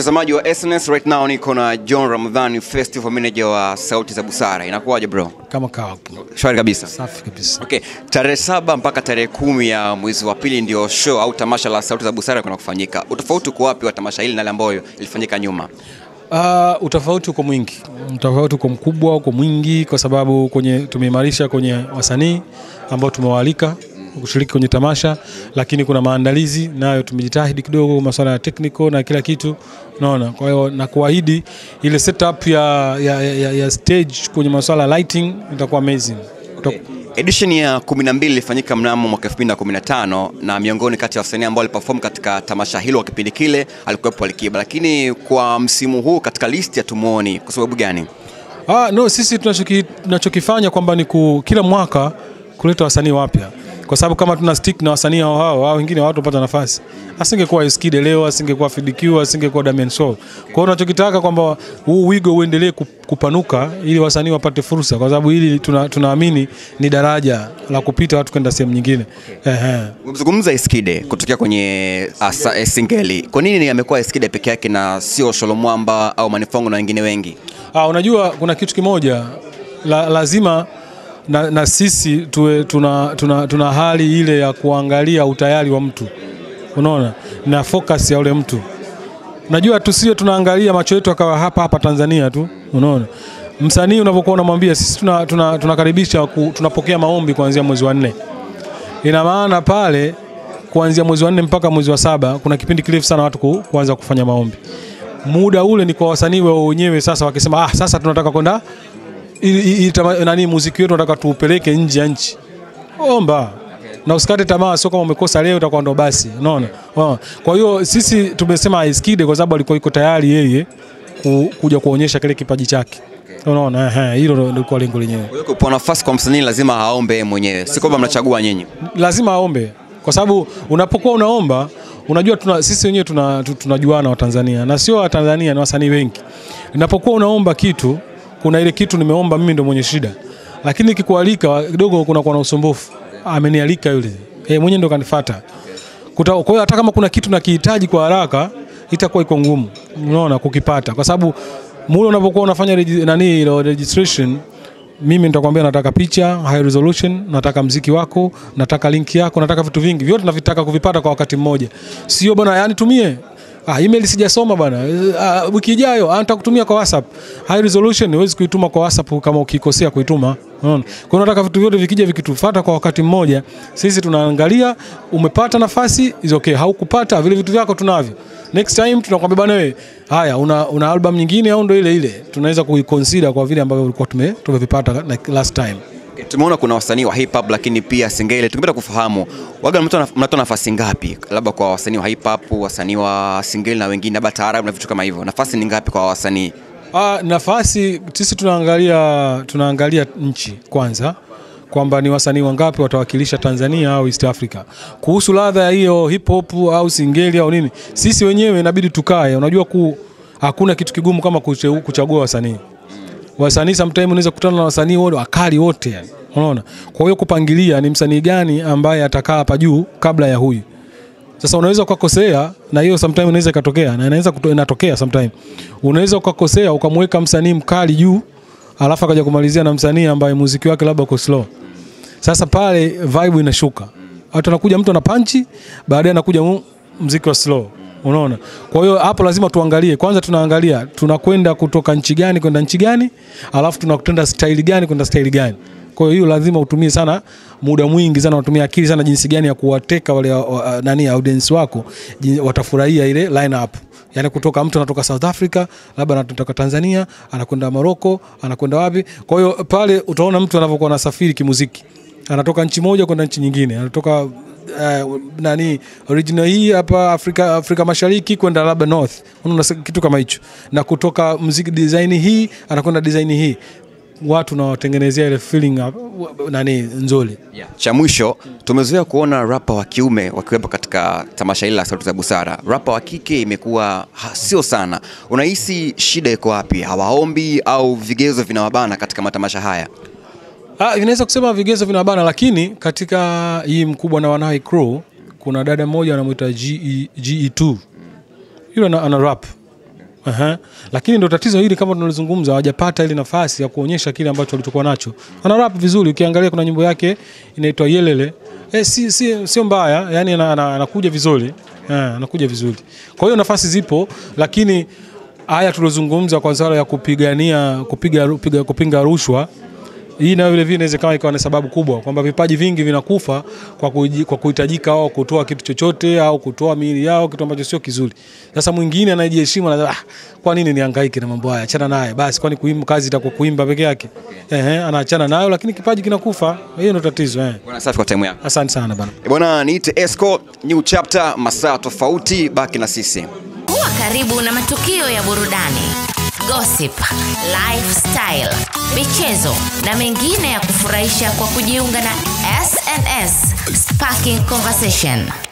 Mtazamaji wa SNS right now, niko na John Ramadhani, festival manager wa Sauti za Busara. Inakuwaje bro? Kama kawa. Shwari kabisa. Safi kabisa. Okay, tarehe saba mpaka tarehe kumi ya mwezi wa pili ndio show au tamasha la Sauti za Busara kuna kufanyika. Utofauti uko wapi wa tamasha hili na ile ambayo ilifanyika nyuma? Uh, utofauti uko mwingi, utofauti uko mkubwa, uko mwingi kwa sababu kwenye tumeimarisha kwenye wasanii ambao tumewaalika kushiriki kwenye tamasha, lakini kuna maandalizi nayo tumejitahidi kidogo, masuala ya technical na kila kitu, unaona. Kwa hiyo na kuahidi ile setup ya, ya, ya, ya stage kwenye masuala ya lighting itakuwa amazing. Okay. Edition ya 12 ilifanyika mnamo mwaka 2015 na miongoni kati ya wasanii ambao waliperform katika tamasha hilo wa kipindi kile alikuwepo Alikiba, lakini kwa msimu huu katika ya tumuoni kwa sababu gani? Ah, no, sisi tunachokifanya kwamba ni ku, kila mwaka kuleta wasanii wapya kwa sababu kama tuna stick na wasanii hao hao hao wengine wapata nafasi. Asingekuwa Eskide leo, asingekuwa Fidq, asingekuwa Damian Soul. Kwa hiyo tunachokitaka kwamba huu wigo uendelee kupanuka ili wasanii wapate fursa, kwa sababu hili tuna, tunaamini ni daraja la kupita watu kwenda sehemu nyingine. Ehe. Umezungumza Eskide kutokea kwenye asa, uh, eh, singeli. Kwa nini amekuwa Eskide peke yake na sio Mwamba au Manifongo na wengine wengi? Ah, unajua kuna kitu kimoja la, lazima na, na sisi tuwe, tuna, tuna, tuna hali ile ya kuangalia utayari wa mtu, unaona, na focus ya ule mtu. Najua tusiwe tunaangalia macho yetu akawa hapa hapa Tanzania tu, unaona msanii unapokuwa unamwambia sisi tunakaribisha tuna, tuna tunapokea maombi kuanzia mwezi wa nne. Ina maana pale kuanzia mwezi wa nne mpaka mwezi wa saba kuna kipindi kirefu sana watu ku, kuanza kufanya maombi. Muda ule ni kwa wasanii wao wenyewe sasa wakisema, ah, sasa tunataka kwenda nani muziki wetu nataka tuupeleke nje ya nchi, omba na usikate tamaa, sio kama umekosa leo utakuwa ndo basi, unaona. Kwa hiyo sisi tumesema Ice kwa sababu alikuwa yuko tayari yeye kuja kuonyesha kile kipaji chake unaona eh, hilo ndio kwa lengo lenyewe. Kwa hiyo kwa nafasi kwa msanii lazima aombe mwenyewe, si kwamba mnachagua nyinyi. Lazima aombe kwa sababu unapokuwa unaomba unajua tuna, sisi wenyewe tunajuana tuna, tunajuana Watanzania na sio Watanzania ni wasanii wengi. Unapokuwa unaomba kitu kuna ile kitu nimeomba mimi ndo mwenye shida, lakini kikualika kidogo kuna na usumbufu. Amenialika yule eh, mwenye ndo kanifuata. Kwa hiyo hata kama kuna kitu nakihitaji kwa haraka itakuwa iko ngumu, unaona, kukipata kwa sababu mule unapokuwa unafanya nani ile registration mimi nitakwambia nataka picha high resolution, nataka mziki wako, nataka linki yako, nataka vitu vingi vyote, navitaka kuvipata kwa wakati mmoja, sio bwana, yani tumie Ah, email sijasoma bwana. Ah, wiki ijayo anataka ah, kwa WhatsApp. High resolution huwezi kuituma kwa WhatsApp kama ukikosea kuituma. Unaona? Kwa hiyo nataka vitu vyote vikija vikitufuata kwa wakati mmoja, sisi tunaangalia umepata nafasi, is okay. Haukupata vile vitu vyako tunavyo. Next time tunakwambia bwana wewe, haya una, una album nyingine au ndio ile ile. Tunaweza kuiconsider kwa vile ambavyo ulikuwa tume tumevipata like last time. Okay, eh, tumeona kuna wasanii wa hip hop lakini pia singeli. Tungependa kufahamu waga, mnatoa nafasi ngapi, labda kwa wasanii wa hip hop, wasanii wa singeli na wengine, labda taarabu na vitu kama hivyo, nafasi ni ngapi kwa wasanii? Ah, nafasi sisi tunaangalia, tunaangalia nchi kwanza kwamba ni wasanii wangapi watawakilisha Tanzania au East Africa. Kuhusu ladha ya hiyo hip hop au singeli au nini, sisi wenyewe inabidi tukae. Unajua ku, hakuna kitu kigumu kama kuchagua wasanii wasanii sometimes unaweza kukutana na wasanii wote wakali wote yani. Unaona? Kwa hiyo kupangilia ni msanii gani ambaye atakaa hapa juu kabla ya huyu. Sasa unaweza ukakosea na hiyo sometimes inaweza ikatokea na inaweza inatokea sometimes. Unaweza ukakosea ukamweka msanii mkali juu alafu akaja kumalizia na msanii ambaye muziki wake labda uko slow. Sasa pale vibe inashuka. Hata anakuja mtu ana punch baadaye anakuja muziki wa slow. Unaona, kwa hiyo hapo lazima tuangalie kwanza, tunaangalia tunakwenda kutoka nchi gani kwenda nchi gani, alafu tunakutenda staili gani kwenda staili gani. Kwa hiyo lazima utumie sana muda mwingi sana, utumie akili sana, jinsi gani ya kuwateka wale uh, nani audience wako watafurahia ile lineup. Yani kutoka mtu anatoka South Africa labda anatoka Tanzania anakwenda Morocco anakwenda wapi. Kwa hiyo pale utaona mtu anavyokuwa anasafiri kimuziki, anatoka nchi moja kwenda nchi nyingine, anatoka uh, nani original hii hapa Afrika, Afrika Mashariki kwenda labda north, unaona kitu kama hicho, na kutoka mziki design hii anakwenda design hii watu nawatengenezea ile feeling nani nzuri. Yeah. Cha mwisho tumezoea kuona rapa wa kiume wakiwepo katika tamasha hili la Sauti za Busara. Rapa wa kike imekuwa sio sana. Unahisi shida iko wapi? Hawaombi au vigezo vinawabana katika matamasha haya? Ah, inaweza kusema vigezo vinabana, lakini katika hii mkubwa na wanawe crew kuna dada mmoja anamwita GE2 e yule ana, ana rap Aha. Lakini ndo tatizo hili kama tunalizungumza, hawajapata ile nafasi ya kuonyesha kile ambacho walichokuwa nacho. Ana rap vizuri, ukiangalia kuna nyimbo yake inaitwa Yelele. E, si, si, sio mbaya, yani anakuja vizuri. Ha, eh, anakuja vizuri. Kwa hiyo nafasi zipo, lakini haya tulizozungumza kwa swala ya kupigania kupiga, kupiga, kupinga rushwa hii nayo vile vile inaweza kawa ikawa ni sababu kubwa kwamba vipaji vingi vinakufa kwa kuji, kwa kuhitajika wao kutoa kitu chochote au kutoa miili yao kitu ambacho sio kizuri. Sasa mwingine anajiheshimu na ah, kwa nini nihangaike na mambo haya? Achana naye basi, kwani kuimba kazi itakuwa kuimba peke yake. Ehe, anaachana nayo lakini kipaji kinakufa. Hiyo ndio tatizo eh. Bwana safi kwa time yako. Asante sana bwana. Eh, bwana niite Esco New Chapter, masaa tofauti, baki na sisi. Kuwa karibu na matukio ya burudani gossip, lifestyle, michezo na mengine ya kufurahisha kwa kujiunga na SNS Sparking Conversation.